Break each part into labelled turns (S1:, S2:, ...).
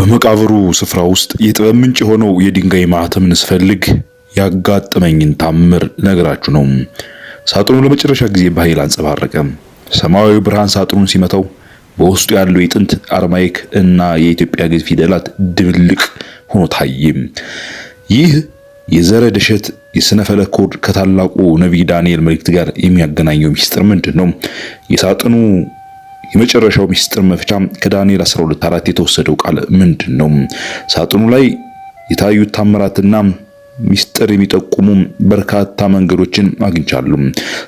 S1: በመቃብሩ ስፍራ ውስጥ የጥበብ ምንጭ የሆነው የድንጋይ ማኅተምን ስፈልግ ያጋጠመኝን ታምር ነገራችሁ ነው። ሳጥኑ ለመጨረሻ ጊዜ በኃይል አንጸባረቀ። ሰማያዊ ብርሃን ሳጥኑን ሲመታው በውስጡ ያለው የጥንት አርማይክ እና የኢትዮጵያ ግዕዝ ፊደላት ድብልቅ ሆኖ ታየ። ይህ የዘረ ደሸት የሥነ ፈለክ ኮድ ከታላቁ ነቢይ ዳንኤል መልእክት ጋር የሚያገናኘው ሚስጥር ምንድን ነው? የሳጥኑ የመጨረሻው ሚስጥር መፍቻ ከዳንኤል 12 አራት የተወሰደው ቃል ምንድን ነው? ሳጥኑ ላይ የታዩት ታምራትና ሚስጥር የሚጠቁሙ በርካታ መንገዶችን አግኝቻለሁ።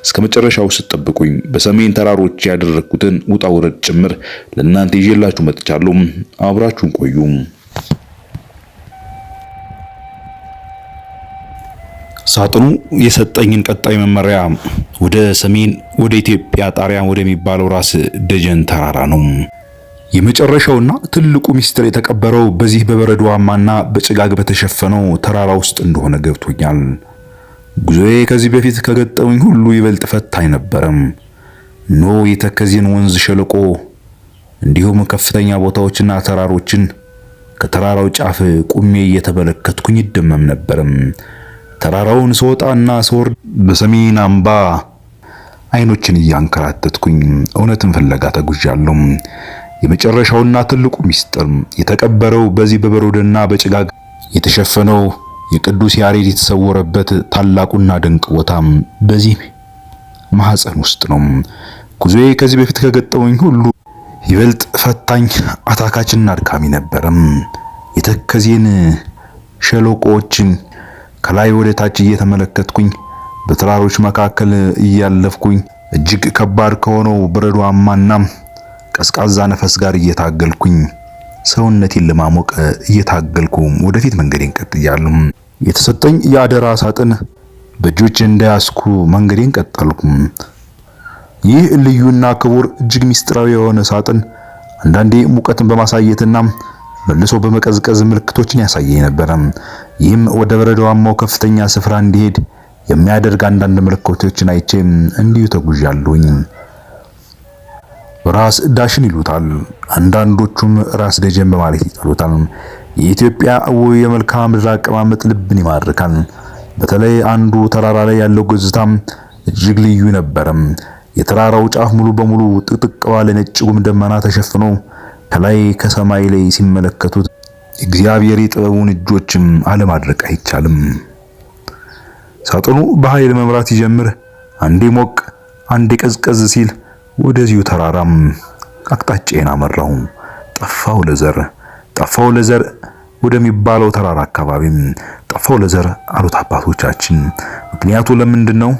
S1: እስከ መጨረሻው ስትጠብቁኝ በሰሜን ተራሮች ያደረግኩትን ውጣ ውረድ ጭምር ለእናንተ ይዤላችሁ መጥቻለሁ። አብራችሁን ቆዩ። ሳጥኑ የሰጠኝን ቀጣይ መመሪያ ወደ ሰሜን ወደ ኢትዮጵያ ጣሪያ ወደሚባለው ራስ ደጀን ተራራ ነው። የመጨረሻውና ትልቁ ሚስጥር የተቀበረው በዚህ በበረዶማና በጭጋግ በተሸፈነው ተራራ ውስጥ እንደሆነ ገብቶኛል። ጉዞዬ ከዚህ በፊት ከገጠመኝ ሁሉ ይበልጥ ፈታኝ ነበረም። ኖ የተከዜን ወንዝ ሸለቆ፣ እንዲሁም ከፍተኛ ቦታዎችና ተራሮችን ከተራራው ጫፍ ቁሜ እየተመለከትኩኝ ይደመም ነበርም። ተራራውን ስወጣና ስወርድ በሰሜን አምባ አይኖችን እያንከራተትኩኝ እውነትን ፍለጋ ተጉዣለሁ። የመጨረሻውና ትልቁ ሚስጥር የተቀበረው በዚህ በበረዶና በጭጋግ የተሸፈነው የቅዱስ ያሬድ የተሰወረበት ታላቁና ድንቅ ቦታም በዚህ ማህፀን ውስጥ ነው። ጉዞዬ ከዚህ በፊት ከገጠመኝ ሁሉ ይበልጥ ፈታኝ፣ አታካችና አድካሚ ነበረም። የተከዜን ሸለቆዎችን ከላይ ወደ ታች እየተመለከትኩኝ በተራሮች መካከል እያለፍኩኝ እጅግ ከባድ ከሆነው በረዷማና ቀዝቃዛ ነፈስ ጋር እየታገልኩኝ ሰውነቴን ለማሞቅ እየታገልኩ ወደፊት መንገዴን ቀጥያለሁ። የተሰጠኝ የአደራ ሳጥን በእጆች እንዳያስኩ መንገዴን ቀጠልኩ። ይህ ልዩና ክቡር እጅግ ሚስጥራዊ የሆነ ሳጥን አንዳንዴ ሙቀትን በማሳየትና መልሶ በመቀዝቀዝ ምልክቶችን ያሳየኝ ነበረ። ይህም ወደ በረዶዋማው ከፍተኛ ስፍራ እንዲሄድ የሚያደርግ አንዳንድ ምልክቶችን አይቼ እንዲሁ ተጉዣለሁኝ። ራስ ዳሽን ይሉታል፣ አንዳንዶቹም ራስ ደጀን በማለት ይጠሉታል። የኢትዮጵያ አዊ የመልክዓ ምድር አቀማመጥ ልብን ይማርካል። በተለይ አንዱ ተራራ ላይ ያለው ገጽታ እጅግ ልዩ ነበረም። የተራራው ጫፍ ሙሉ በሙሉ ጥቅጥቅ ባለ ነጭ ጉም ደመና ተሸፍኖ ከላይ ከሰማይ ላይ ሲመለከቱት እግዚአብሔር የጥበቡን እጆችም አለማድረቅ አይቻልም። ሳጥኑ በኃይል መብራት ይጀምር። አንዴ ሞቅ አንዴ ቀዝቀዝ ሲል ወደዚሁ ተራራም አቅጣጫዬን አመራሁ። ጠፋው ለዘር ጠፋው ለዘር ወደሚባለው ተራራ አካባቢም ጠፋው ለዘር አሉት አባቶቻችን። ምክንያቱ ለምንድን ነው?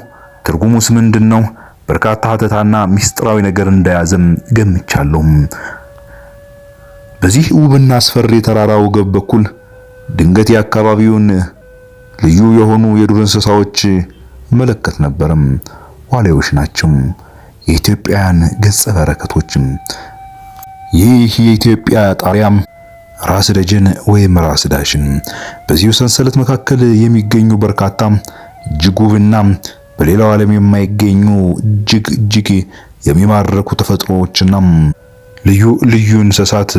S1: ትርጉሙስ ምንድን ነው? በርካታ ሀተታና ሚስጥራዊ ነገር እንደያዘም ገምቻለሁ። በዚህ ውብና አስፈሪ ተራራ ወገብ በኩል ድንገት የአካባቢውን ልዩ የሆኑ የዱር እንስሳዎች መለከት ነበርም። ዋሊያዎች ናቸው የኢትዮጵያን ገጸ በረከቶችም። ይህ የኢትዮጵያ ጣሪያም ራስ ደጀን ወይም ራስ ዳሽን። በዚሁ ሰንሰለት መካከል የሚገኙ በርካታ እጅግ ውብና በሌላው ዓለም የማይገኙ እጅግ እጅግ የሚማርኩ ተፈጥሮዎችና ልዩ ልዩ እንስሳት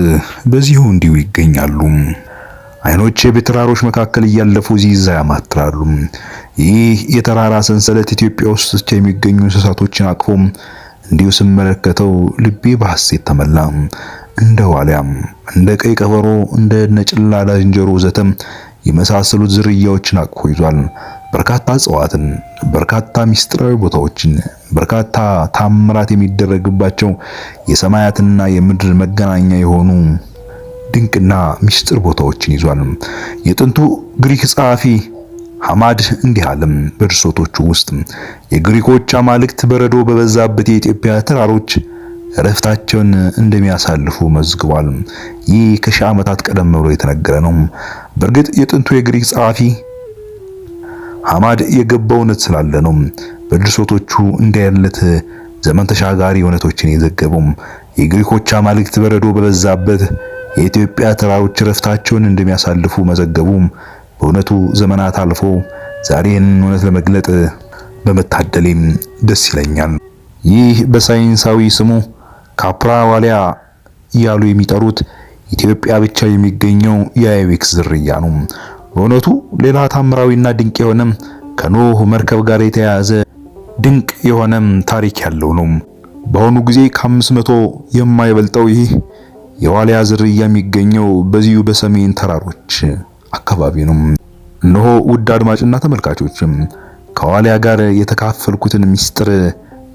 S1: በዚሁ እንዲሁ ይገኛሉ። አይኖቼ በተራሮች መካከል እያለፉ ዚዛ ያማትራሉ። ይህ የተራራ ሰንሰለት ኢትዮጵያ ውስጥ የሚገኙ እንስሳቶችን አቅፎ እንዲሁ ስመለከተው ልቤ በሐሴት ተመላ። እንደ ዋሊያም፣ እንደ ቀይ ቀበሮ፣ እንደ ነጭላዳ ዝንጀሮ ዘተም የመሳሰሉት ዝርያዎችን አቅፎ ይዟል። በርካታ እጽዋትን፣ በርካታ ሚስጥራዊ ቦታዎችን፣ በርካታ ታምራት የሚደረግባቸው የሰማያትና የምድር መገናኛ የሆኑ ድንቅና ሚስጥር ቦታዎችን ይዟል። የጥንቱ ግሪክ ጸሐፊ ሐማድ እንዲህ አለም። በድርሰቶቹ ውስጥ የግሪኮች አማልክት በረዶ በበዛበት የኢትዮጵያ ተራሮች እረፍታቸውን እንደሚያሳልፉ መዝግቧል። ይህ ከሺህ ዓመታት ቀደም ብሎ የተነገረ ነው። በእርግጥ የጥንቱ የግሪክ ጸሐፊ ሐማድ የገባው እውነት ስላለ ነው በድርሰቶቹ እንዳያለት ዘመን ተሻጋሪ እውነቶችን የዘገበው። የግሪኮች አማልክት በረዶ በበዛበት የኢትዮጵያ ተራሮች ረፍታቸውን እንደሚያሳልፉ መዘገቡ በእውነቱ ዘመናት አልፎ ዛሬን እውነት ለመግለጥ በመታደሌም ደስ ይለኛል። ይህ በሳይንሳዊ ስሙ ካፕራ ዋሊያ እያሉ የሚጠሩት ኢትዮጵያ ብቻ የሚገኘው የአይቤክስ ዝርያ ነው። በእውነቱ ሌላ ታምራዊና ድንቅ የሆነ ከኖህ መርከብ ጋር የተያያዘ ድንቅ የሆነ ታሪክ ያለው ነው። በአሁኑ ጊዜ ከአምስት መቶ የማይበልጠው ይህ የዋልያ ዝርያ የሚገኘው በዚሁ በሰሜን ተራሮች አካባቢ ነው። እነሆ ውድ አድማጭና ተመልካቾችም ከዋልያ ጋር የተካፈልኩትን ምስጢር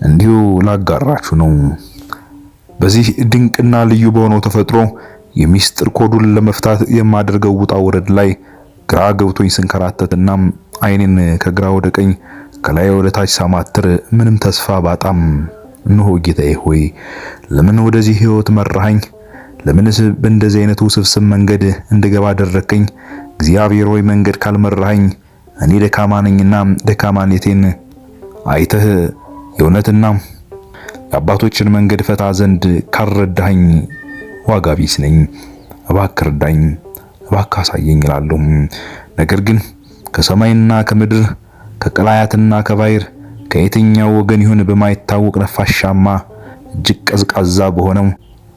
S1: እንዲሁ ላጋራችሁ ነው። በዚህ ድንቅና ልዩ በሆነው ተፈጥሮ የሚስጥር ኮዱን ለመፍታት የማደርገው ውጣ ውረድ ላይ ግራ ገብቶኝ ስንከራተት እናም አይኔን ከግራ ወደ ቀኝ ከላይ ወደ ታች ሳማትር ምንም ተስፋ ባጣም፣ ኖሆ ጌታዬ ሆይ ለምን ወደዚህ ህይወት መራኸኝ? ለምንስ በእንደዚህ አይነት ውስብስብ መንገድ እንድገባ አደረከኝ? እግዚአብሔር ሆይ መንገድ ካልመራኸኝ እኔ ደካማ ነኝና ደካማነቴን አይተህ የእውነትና የአባቶችን መንገድ ፈታ ዘንድ ካልረዳኸኝ ዋጋ ቢስ ነኝ። እባክህ እባክህ አሳየኝ ይላሉ። ነገር ግን ከሰማይና ከምድር ከቀላያትና ከባህር ከየትኛው ወገን ይሁን በማይታወቅ ነፋሻማ እጅግ ቀዝቃዛ በሆነው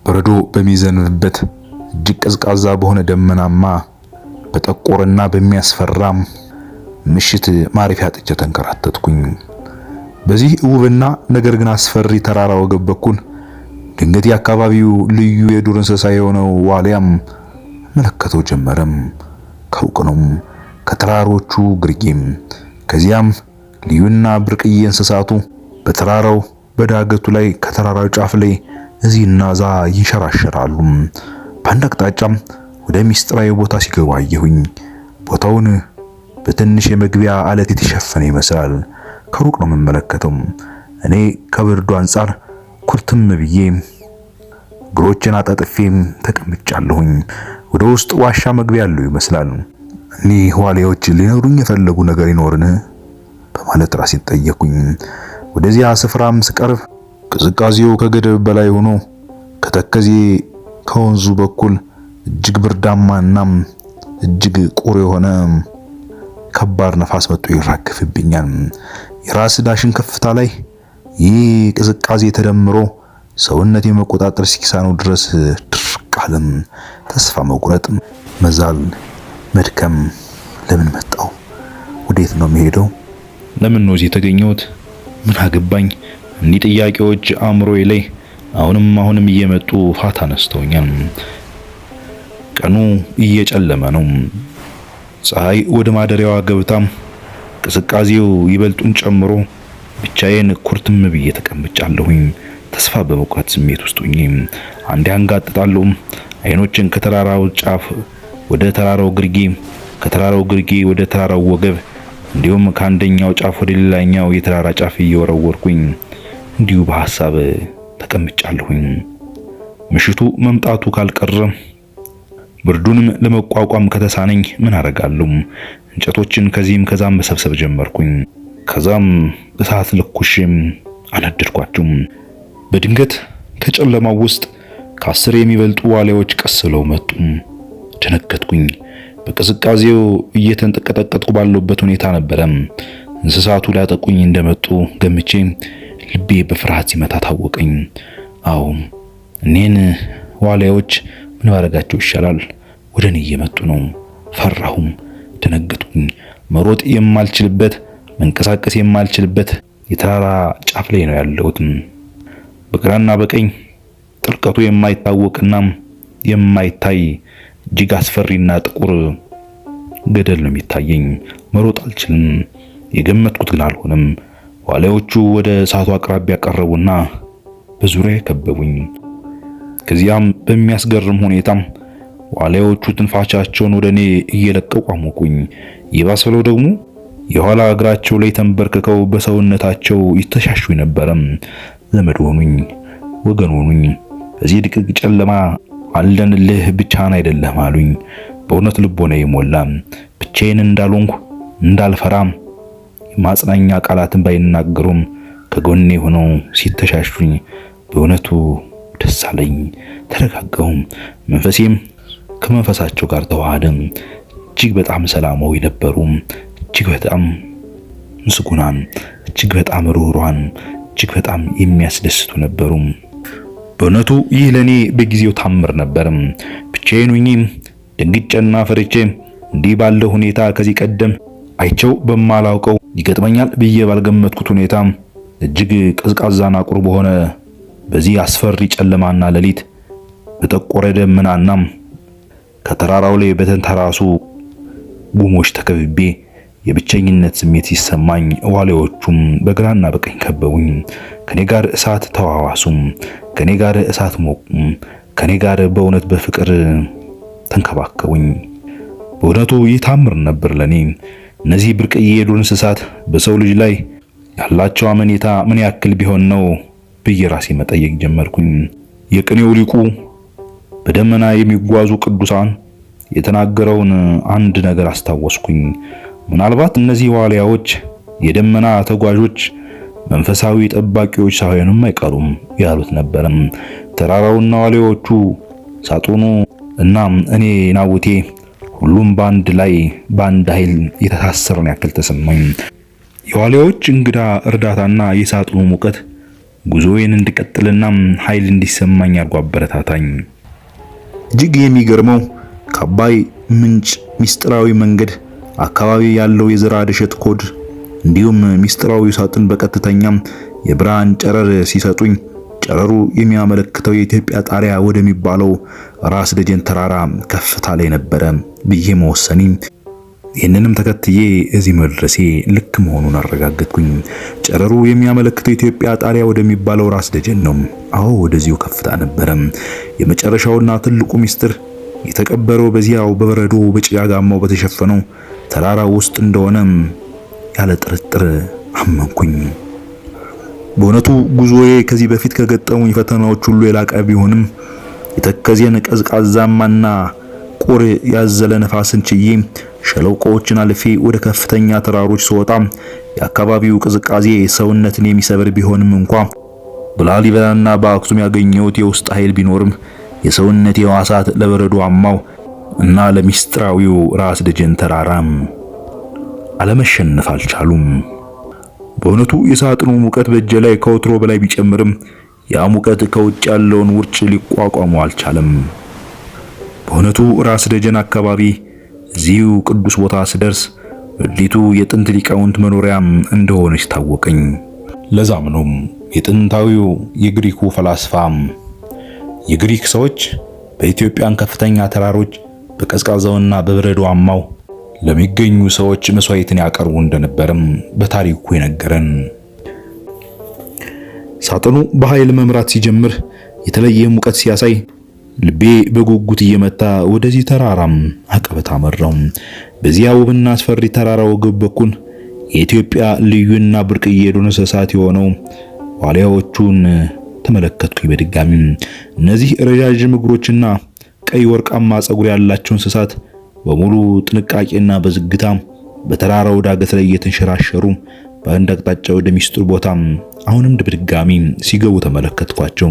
S1: በረዶ በሚዘንብበት እጅግ ቀዝቃዛ በሆነ ደመናማ በጠቆርና በሚያስፈራም ምሽት ማረፊያ ጥቼ ተንከራተትኩኝ። በዚህ ውብና ነገር ግን አስፈሪ ተራራ ወገብ በኩል ድንገት የአካባቢው ልዩ የዱር እንስሳ የሆነው ዋልያም መለከተው ጀመረም። ከሩቅ ነው ከተራሮቹ ግርጌም፣ ከዚያም ልዩና ብርቅዬ እንስሳቱ በተራራው በዳገቱ ላይ ከተራራው ጫፍ ላይ እዚህና እዛ ይንሸራሸራሉ። በአንድ አቅጣጫም ወደ ሚስጥራዊ ቦታ ሲገባ አየሁኝ። ቦታውን በትንሽ የመግቢያ አለት የተሸፈነ ይመስላል። ከሩቅ ነው የምመለከተው። እኔ ከብርዱ አንጻር ኩርትም ብዬ እግሮችን አጣጥፌም ተቀምጫለሁኝ። ወደ ውስጥ ዋሻ መግቢያ ያለው ይመስላል። እኒህ ዋልያዎች ሊነግሩኝ የፈለጉ ነገር ይኖርን በማለት ራሴን ጠየኩኝ። ወደዚያ ስፍራም ስቀርብ ቅዝቃዜው ከገደብ በላይ ሆኖ ከተከዜ ከወንዙ በኩል እጅግ ብርዳማና እናም እጅግ ቁር የሆነ ከባድ ነፋስ መጥቶ ይራግፍብኛል። የራስ ዳሽን ከፍታ ላይ ይህ ቅዝቃዜ ተደምሮ ሰውነት የመቆጣጠር ሲኪሳኑ ድረስ ድርቅ አለም። ተስፋ መቁረጥ፣ መዛል፣ መድከም ለምን መጣው? ወዴት ነው የሚሄደው? ለምን ነው እዚህ የተገኘሁት? ምን አገባኝ? እኒህ ጥያቄዎች አእምሮዬ ላይ አሁንም አሁንም እየመጡ ፋታ ነስተውኛል። ቀኑ እየጨለመ ነው። ፀሐይ ወደ ማደሪያዋ ገብታ ቅስቃዜው ይበልጡን ጨምሮ ብቻዬን ኩርትም ብዬ ተቀምጫለሁኝ። ተስፋ በመቁረጥ ስሜት ውስጥ ሆኜ አንዴ አንጋጥጣለሁ፣ አይኖችን ከተራራው ጫፍ ወደ ተራራው ግርጌ፣ ከተራራው ግርጌ ወደ ተራራው ወገብ እንዲሁም ከአንደኛው ጫፍ ወደ ሌላኛው የተራራ ጫፍ እየወረወርኩኝ እንዲሁ በሐሳብ ተቀምጫለሁኝ። ምሽቱ መምጣቱ ካልቀረ ብርዱንም ለመቋቋም ከተሳነኝ ምን አረጋለሁ? እንጨቶችን ከዚህም ከዛም መሰብሰብ ጀመርኩኝ። ከዛም እሳት ለኩሽም አላደርኳችሁም። በድንገት ከጨለማው ውስጥ ከአስር የሚበልጡ ዋሊያዎች ቀስለው መጡ። ደነገጥኩኝ። በቅዝቃዜው እየተንጠቀጠቀጥኩ ባለሁበት ሁኔታ ነበረም። እንስሳቱ ሊያጠቁኝ እንደመጡ ገምቼ ልቤ በፍርሃት ሲመታ ታወቀኝ። አዎ እኔን ዋሊያዎች ምን ባረጋቸው ይሻላል? ወደ እኔ እየመጡ ነው። ፈራሁም፣ ደነገጥኩኝ። መሮጥ የማልችልበት መንቀሳቀስ የማልችልበት የተራራ ጫፍ ላይ ነው ያለሁት። በግራና በቀኝ ጥልቀቱ የማይታወቅና የማይታይ እጅግ አስፈሪና ጥቁር ገደል ነው የሚታየኝ። መሮጥ አልችልም። የገመትኩት ግን አልሆነም። ዋሊያዎቹ ወደ እሳቱ አቅራቢያ ቀረቡና በዙሪያ ከበቡኝ። ከዚያም በሚያስገርም ሁኔታ ዋሊያዎቹ ትንፋቻቸውን ወደ እኔ እየለቀቁ አሞቁኝ። ይባስ ብለው ደግሞ የኋላ እግራቸው ላይ ተንበርክከው በሰውነታቸው ይተሻሹኝ ነበረም። ዘመድ ሆኑኝ፣ ወገን ሆኑኝ። እዚህ ድቅቅ ጨለማ አለንልህ ብቻህን አይደለም አሉኝ። በእውነት ልቦና የሞላ ብቻዬን እንዳልሆንኩ እንዳልፈራም ማጽናኛ ቃላትን ባይናገሩም ከጎኔ ሆነው ሲተሻሹኝ በእውነቱ ደስ አለኝ። ተረጋጋሁም፣ መንፈሴም ከመንፈሳቸው ጋር ተዋሃደም። እጅግ በጣም ሰላማዊ ነበሩ። እጅግ በጣም ምስጉናን፣ እጅግ በጣም ሩህሩሃን፣ እጅግ በጣም የሚያስደስቱ ነበሩ። በእውነቱ ይህ ለኔ በጊዜው ታምር ነበር። ብቻዬን ሆኜ ደንግጬና ፈርቼ እንዲህ ባለው ሁኔታ ከዚህ ቀደም አይቸው በማላውቀው ይገጥመኛል ብዬ ባልገመትኩት ሁኔታ እጅግ ቀዝቃዛና ቁር በሆነ በዚህ አስፈሪ ጨለማና ሌሊት በጠቆረ ደመናና ከተራራው ላይ በተንተራሱ ጉሞች ተከብቤ የብቸኝነት ስሜት ሲሰማኝ ዋሌዎቹም በግራና በቀኝ ከበቡኝ። ከኔ ጋር እሳት ተዋዋሱም፣ ከኔ ጋር እሳት ሞቁም፣ ከኔ ጋር በእውነት በፍቅር ተንከባከቡኝ። በእውነቱ ይህ ታምር ነበር ለኔ። እነዚህ ብርቅዬ የዱር እንስሳት በሰው ልጅ ላይ ያላቸው አመኔታ ምን ያክል ቢሆን ነው ብዬ ራሴ መጠየቅ ጀመርኩኝ። የቅኔው ሊቁ በደመና የሚጓዙ ቅዱሳን የተናገረውን አንድ ነገር አስታወስኩኝ። ምናልባት እነዚህ ዋልያዎች የደመና ተጓዦች መንፈሳዊ ጠባቂዎች ሳይሆኑም አይቀሩም ያሉት ነበርም። ተራራውና ዋልያዎቹ፣ ሳጥኑ እና እኔ ናውቴ ሁሉም በአንድ ላይ በአንድ ኃይል የተሳሰርን ያክል ተሰማኝ። የዋልያዎች እንግዳ እርዳታና የሳጥኑ ሙቀት ጉዞዬን እንድቀጥልና ኃይል እንዲሰማኝ አድርጎ አበረታታኝ። እጅግ የሚገርመው ከአባይ ምንጭ ሚስጥራዊ መንገድ አካባቢ ያለው የዘራ ድሸት ኮድ እንዲሁም ሚስጥራዊ ሳጥን በቀጥተኛም የብርሃን ጨረር ሲሰጡኝ ጨረሩ የሚያመለክተው የኢትዮጵያ ጣሪያ ወደሚባለው ራስ ደጀን ተራራ ከፍታ ላይ ነበረ ብዬ መወሰኔ ይህንንም ተከትዬ እዚህ መድረሴ ልክ መሆኑን አረጋገጥኩኝ። ጨረሩ የሚያመለክተው የኢትዮጵያ ጣሪያ ወደሚባለው ራስ ደጀን ነው። አዎ ወደዚሁ ከፍታ ነበረ። የመጨረሻውና ትልቁ ሚስጥር የተቀበረው በዚያው በበረዶ በጭጋጋማው በተሸፈነው ተራራ ውስጥ እንደሆነም ያለ ጥርጥር አመንኩኝ። በእውነቱ ጉዞዬ ከዚህ በፊት ከገጠሙኝ ፈተናዎች ሁሉ የላቀ ቢሆንም የተከዜን ቀዝቃዛማና ቁር ያዘለ ነፋስን ችዬ ሸለቆዎችን አልፌ ወደ ከፍተኛ ተራሮች ስወጣ የአካባቢው ቅዝቃዜ ሰውነትን የሚሰብር ቢሆንም እንኳ በላሊበላና በአክሱም ያገኘሁት የውስጥ ኃይል ቢኖርም የሰውነት የዋሳት ለበረዶ አማው እና ለሚስጥራዊው ራስ ደጀን ተራራም አለመሸነፍ አልቻሉም። በእውነቱ የሳጥኑ ሙቀት በእጄ ላይ ከወትሮ በላይ ቢጨምርም ያ ሙቀት ከውጭ ያለውን ውርጭ ሊቋቋሙ አልቻለም። በእውነቱ ራስ ደጀን አካባቢ እዚሁ ቅዱስ ቦታ ስደርስ በሊቱ የጥንት ሊቃውንት መኖሪያም እንደሆነች ታወቀኝ። ለዛም ነው የጥንታዊው የግሪኩ ፈላስፋም የግሪክ ሰዎች በኢትዮጵያን ከፍተኛ ተራሮች በቀዝቃዛውና በበረዶማው ለሚገኙ ሰዎች መስዋዕትን ያቀርቡ እንደነበረም በታሪኩ የነገረን። ሳጥኑ በኃይል መምራት ሲጀምር የተለየ ሙቀት ሲያሳይ ልቤ በጉጉት እየመታ ወደዚህ ተራራም አቀበት አመራው። በዚያ ውብና አስፈሪ ተራራ ወገብ በኩል የኢትዮጵያ ልዩና ብርቅዬ የዱር እንስሳት የሆነው ዋልያዎቹን ተመለከትኩኝ። በድጋሚ እነዚህ ረዣዥም እግሮችና ቀይ ወርቃማ ፀጉር ያላቸው እንስሳት በሙሉ ጥንቃቄና በዝግታም በተራራው ዳገት ላይ እየተንሸራሸሩ በአንድ አቅጣጫ ወደ ሚስጥር ቦታም አሁንም በድጋሚ ሲገቡ ተመለከትኳቸው።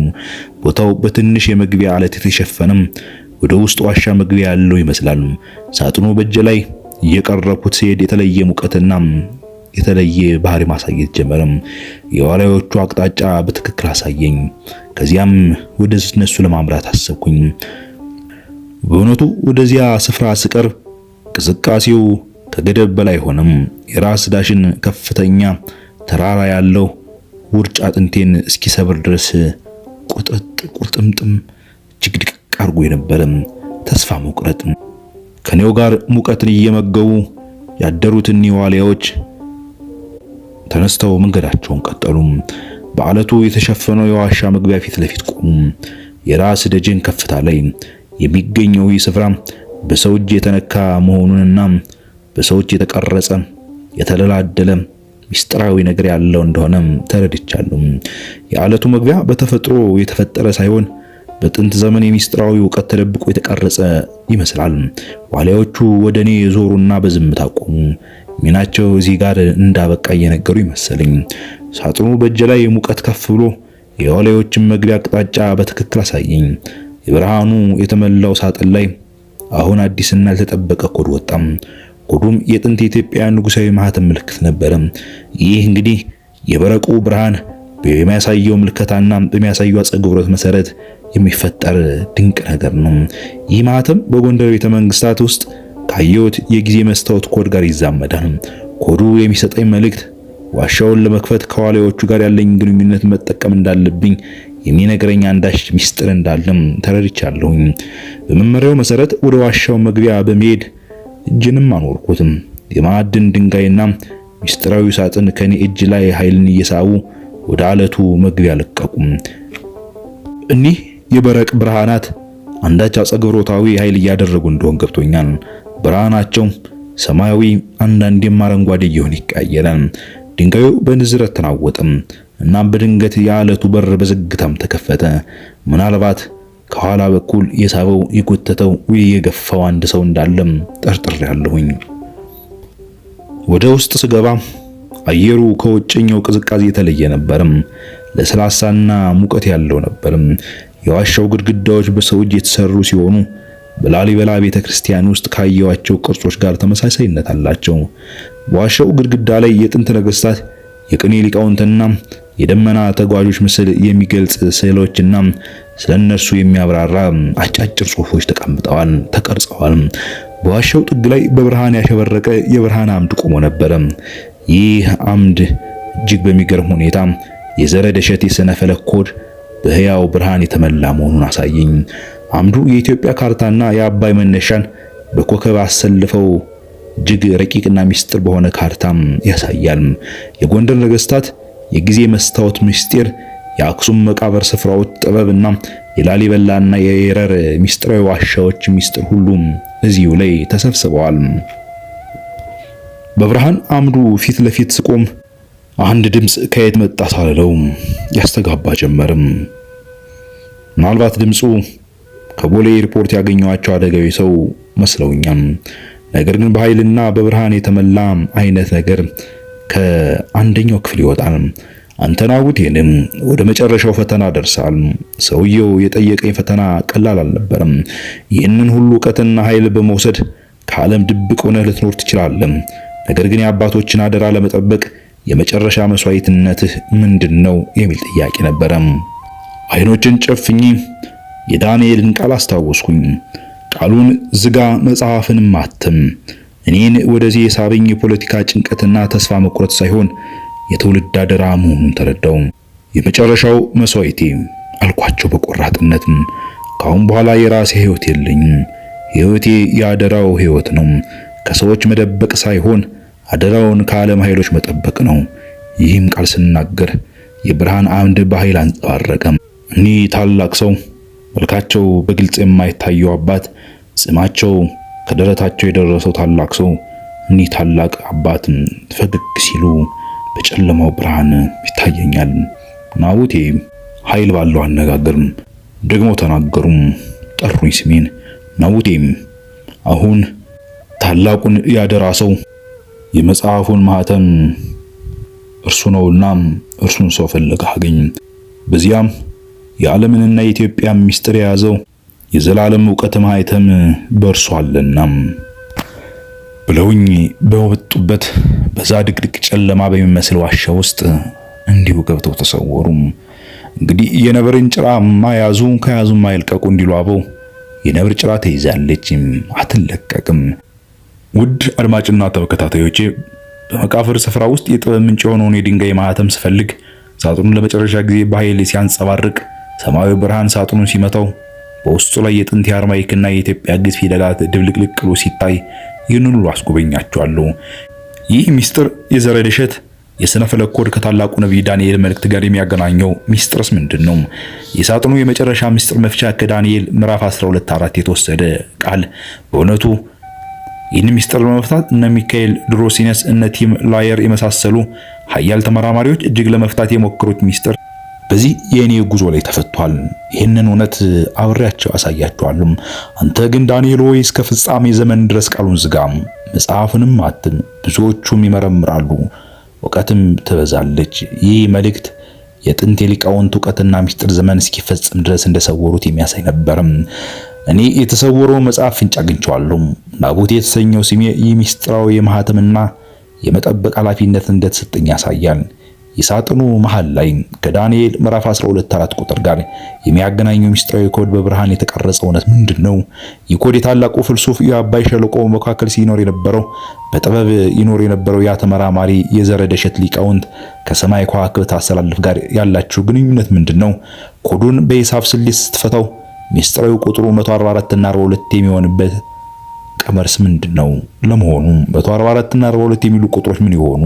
S1: ቦታው በትንሽ የመግቢያ አለት የተሸፈነም ወደ ውስጥ ዋሻ መግቢያ ያለው ይመስላል። ሳጥኑ በእጄ ላይ እየቀረብኩት ሲሄድ የተለየ ሙቀትና የተለየ ባህሪ ማሳየት ጀመረም። የዋላዮቹ አቅጣጫ በትክክል አሳየኝ። ከዚያም ወደ እነሱ ለማምራት አሰብኩኝ። በእውነቱ ወደዚያ ስፍራ ስቀርብ ቅዝቃሴው ከገደብ በላይ ሆነም። የራስ ዳሽን ከፍተኛ ተራራ ያለው ውርጭ አጥንቴን እስኪሰብር ድረስ ቁጥጥ ቁርጥምጥም እጅግ ድቅቅ አርጎ የነበረም ተስፋ መቁረጥ ከኔው ጋር ሙቀትን እየመገቡ ያደሩት እኒህ ዋልያዎች ተነስተው መንገዳቸውን ቀጠሉ። በአለቱ የተሸፈነው የዋሻ መግቢያ ፊት ለፊት ቆሙ። የራስ ደጀን ከፍታ ላይ የሚገኘው ይህ ስፍራ በሰው እጅ የተነካ መሆኑንና በሰዎች የተቀረጸ የተደላደለ ሚስጥራዊ ነገር ያለው እንደሆነ ተረድቻለሁ። የዓለቱ መግቢያ በተፈጥሮ የተፈጠረ ሳይሆን በጥንት ዘመን የሚስጥራዊ እውቀት ተደብቆ የተቀረጸ ይመስላል። ዋሊያዎቹ ወደ እኔ ዞሩና በዝምታ ቆሙ። ሚናቸው እዚህ ጋር እንዳበቃ እየነገሩ ይመስለኝ። ሳጥኑ በእጄ ላይ ሙቀት ከፍ ብሎ የዋልያዎችን መግቢያ አቅጣጫ በትክክል አሳየኝ። የብርሃኑ የተመላው ሳጥን ላይ አሁን አዲስና ያልተጠበቀ ኮድ ወጣም። ኮዱም የጥንት የኢትዮጵያ ንጉሳዊ ማህተም ምልክት ነበረ። ይህ እንግዲህ የበረቁ ብርሃን በሚያሳየው ምልከታና በሚያሳየው አጸግብሮት መሰረት የሚፈጠር ድንቅ ነገር ነው። ይህ ማህተም በጎንደር ቤተ መንግስታት ውስጥ ካየሁት የጊዜ መስታወት ኮድ ጋር ይዛመዳል። ኮዱ የሚሰጠኝ መልእክት ዋሻውን ለመክፈት ከዋልያዎቹ ጋር ያለኝ ግንኙነት መጠቀም እንዳለብኝ የሚነግረኝ አንዳች ሚስጥር እንዳለም ተረድቻለሁኝ። በመመሪያው መሰረት ወደ ዋሻው መግቢያ በመሄድ እጅንም አኖርኩትም። የማዕድን ድንጋይና ሚስጥራዊ ሳጥን ከኔ እጅ ላይ ኃይልን እየሳቡ ወደ አለቱ መግቢያ ለቀቁም። እኒህ የበረቅ ብርሃናት አንዳች አጸግብሮታዊ ኃይል እያደረጉ እንደሆን ገብቶኛል። ብርሃናቸው ሰማያዊ፣ አንዳንዴም አረንጓዴ እየሆነ ይቀያየራል። ድንጋዩ በንዝረት ተናወጠም። እናም በድንገት የዓለቱ በር በዝግታም ተከፈተ። ምናልባት ከኋላ በኩል የሳበው የጎተተው ወይ የገፋው አንድ ሰው እንዳለም ጠርጥር ያለሁኝ። ወደ ውስጥ ስገባ አየሩ ከውጭኛው ቅዝቃዜ የተለየ ነበርም። ለስላሳና ሙቀት ያለው ነበርም። የዋሻው ግድግዳዎች በሰው እጅ የተሰሩ ሲሆኑ በላሊበላ ቤተ ክርስቲያን ውስጥ ካየዋቸው ቅርጾች ጋር ተመሳሳይነት አላቸው። በዋሻው ግድግዳ ላይ የጥንት ነገስታት የቅኔ ሊቃውንትና የደመና ተጓዦች ምስል የሚገልጽ ስዕሎችና ስለ እነርሱ የሚያብራራ አጫጭር ጽሑፎች ተቀምጠዋል ተቀርጸዋል። በዋሻው ጥግ ላይ በብርሃን ያሸበረቀ የብርሃን አምድ ቆሞ ነበረ። ይህ አምድ እጅግ በሚገርም ሁኔታ የዘረደ እሸት የሥነ ፈለክ ኮድ በህያው ብርሃን የተመላ መሆኑን አሳየኝ። አምዱ የኢትዮጵያ ካርታና የአባይ መነሻን በኮከብ አሰልፈው እጅግ ረቂቅና ሚስጥር በሆነ ካርታም ያሳያል። የጎንደር ነገስታት የጊዜ መስታወት ምስጢር፣ የአክሱም መቃብር ስፍራዎች ጥበብና የላሊበላና የየረር ሚስጥራዊ ዋሻዎች ሚስጥር ሁሉም እዚሁ ላይ ተሰብስበዋል። በብርሃን አምዱ ፊት ለፊት ስቆም አንድ ድምፅ ከየት መጣ ሳልለው ያስተጋባ ጀመርም። ምናልባት ድምፁ ከቦሌ ኤርፖርት ያገኘኋቸው አደጋዊ ሰው መስለውኛም። ነገር ግን በኃይልና በብርሃን የተመላ አይነት ነገር ከአንደኛው ክፍል ይወጣል። አንተናውቴንም ወደ መጨረሻው ፈተና ደርሳል። ሰውየው የጠየቀኝ ፈተና ቀላል አልነበረም። ይህንን ሁሉ እውቀትና ኃይል በመውሰድ ከዓለም ድብቅ ሆነህ ልትኖር ትችላለህ። ነገር ግን የአባቶችን አደራ ለመጠበቅ የመጨረሻ መስዋዕትነትህ ምንድን ነው የሚል ጥያቄ ነበረ። አይኖችን ጨፍኝ የዳንኤልን ቃል አስታወስኩኝ። ቃሉን ዝጋ፣ መጽሐፍንም አትም እኔን ወደዚህ የሳበኝ የፖለቲካ ጭንቀትና ተስፋ መቁረጥ ሳይሆን የትውልድ አደራ መሆኑን ተረዳው። የመጨረሻው መስዋዕቴ አልኳቸው በቆራጥነትም፣ ካሁን በኋላ የራሴ ህይወት የለኝም። ህይወቴ የአደራው ህይወት ነው። ከሰዎች መደበቅ ሳይሆን አደራውን ከዓለም ኃይሎች መጠበቅ ነው። ይህም ቃል ስናገር የብርሃን አምድ በኃይል አንጸባረቀም። እኒህ ታላቅ ሰው መልካቸው በግልጽ የማይታየው አባት ጽማቸው ከደረታቸው የደረሰው ታላቅ ሰው እኒህ ታላቅ አባትን ፈገግ ሲሉ በጨለማው ብርሃን ይታየኛል። ናቡቴ ኃይል ባለው አነጋገርም ደግሞ ተናገሩም፣ ጠሩኝ ስሜን። ናቡቴም አሁን ታላቁን ያደራ ሰው የመጽሐፉን ማህተም እርሱ ነውና እርሱን ሰው ፈልገህ አገኝ። በዚያም የዓለምንና የኢትዮጵያን ምስጢር የያዘው የዘላለም እውቀት ማህተም በርሷልና ብለውኝ በወጡበት በዛ ድቅድቅ ጨለማ በሚመስል ዋሻ ውስጥ እንዲሁ ገብተው ተሰወሩ። እንግዲህ የነብርን ጭራ ማያዙ ከያዙ ማይልቀቁ እንዲሉ አበው የነብር ጭራ ተይዛለች፣ አትለቀቅም። ውድ አድማጭና ተከታታዮቼ በመቃፈር ስፍራ ውስጥ የጥበብ ምንጭ የሆነውን የድንጋይ ማህተም ስፈልግ ሳጥኑን ለመጨረሻ ጊዜ በኃይል ሲያንጸባርቅ ሰማያዊ ብርሃን ሳጥኑን ሲመታው በውስጡ ላይ የጥንት የአርማይክና የኢትዮጵያ ግዕዝ ፊደላት ድብልቅልቅ ብሎ ሲታይ ይህን ሁሉ አስጎበኛቸዋለሁ። ይህ ሚስጥር የዘረድ እሸት የሥነ ፈለክ ኮድ ከታላቁ ነቢይ ዳንኤል መልእክት ጋር የሚያገናኘው ሚስጥርስ ምንድን ነው? የሳጥኑ የመጨረሻ ሚስጥር መፍቻ ከዳንኤል ምዕራፍ 12 አራት የተወሰደ ቃል በእውነቱ ይህን ሚስጥር ለመፍታት እነ ሚካኤል ድሮሲነስ፣ እነ ቲም ላየር የመሳሰሉ ሀያል ተመራማሪዎች እጅግ ለመፍታት የሞከሩት ሚስጥር በዚህ የእኔ ጉዞ ላይ ተፈቷል። ይህንን እውነት አብሬያቸው አሳያቸዋለሁ። አንተ ግን ዳንኤል ሆይ እስከ ፍጻሜ ዘመን ድረስ ቃሉን ዝጋም፣ መጽሐፍንም አትም። ብዙዎቹም ይመረምራሉ፣ እውቀትም ትበዛለች። ይህ መልእክት የጥንት የሊቃውንት እውቀትና ምስጢር ዘመን እስኪፈጽም ድረስ እንደሰወሩት የሚያሳይ ነበርም። እኔ የተሰወረው መጽሐፍ ፍንጭ አግኝቼዋለሁ። ናቡቴ የተሰኘው ስሜ ይህ ምስጢራዊ የማህተምና የመጠበቅ ኃላፊነት እንደተሰጠኝ ያሳያል። የሳጥኑ መሃል ላይ ከዳንኤል ምዕራፍ 12 4 ቁጥር ጋር የሚያገናኘው ሚስጥራዊ ኮድ በብርሃን የተቀረጸ እውነት ምንድን ነው? ይህ ኮድ የታላቁ ፍልሱፍ የአባይ ሸለቆ መካከል ሲኖር የነበረው በጥበብ ይኖር የነበረው ያ ተመራማሪ የዘረደሸት ሊቃውንት ከሰማይ ከዋክብት አሰላለፍ ጋር ያላቸው ግንኙነት ምንድን ነው? ኮዱን በሂሳብ ስሌት ስትፈታው ሚስጥራዊ ቁጥሩ 144 እና 42 የሚሆንበት ቀመርስ ምንድን ነው ለመሆኑ? 144 እና 42 የሚሉ ቁጥሮች ምን ይሆኑ?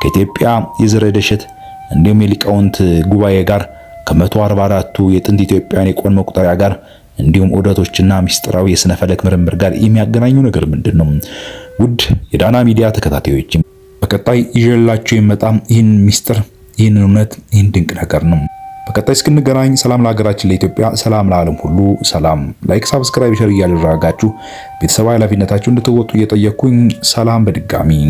S1: ከኢትዮጵያ የዘረ ደሸት እንዲሁም የሊቃውንት ጉባኤ ጋር ከ144ቱ የጥንት ኢትዮጵያን የቆን መቁጠሪያ ጋር እንዲሁም ዑደቶችና ሚስጥራዊ የሥነ ፈለክ ምርምር ጋር የሚያገናኙ ነገር ምንድን ነው? ውድ የዳና ሚዲያ ተከታታዮች በቀጣይ ይዤላችሁ የመጣም ይህን ሚስጥር፣ ይህን እውነት፣ ይህን ድንቅ ነገር ነው። በቀጣይ እስክንገናኝ ሰላም ለሀገራችን ለኢትዮጵያ፣ ሰላም ለዓለም ሁሉ ሰላም። ላይክ፣ ሳብስክራይብ፣ ሸር እያደረጋችሁ ቤተሰብ ኃላፊነታችሁ እንድትወጡ እየጠየቅኩኝ ሰላም በድጋሚ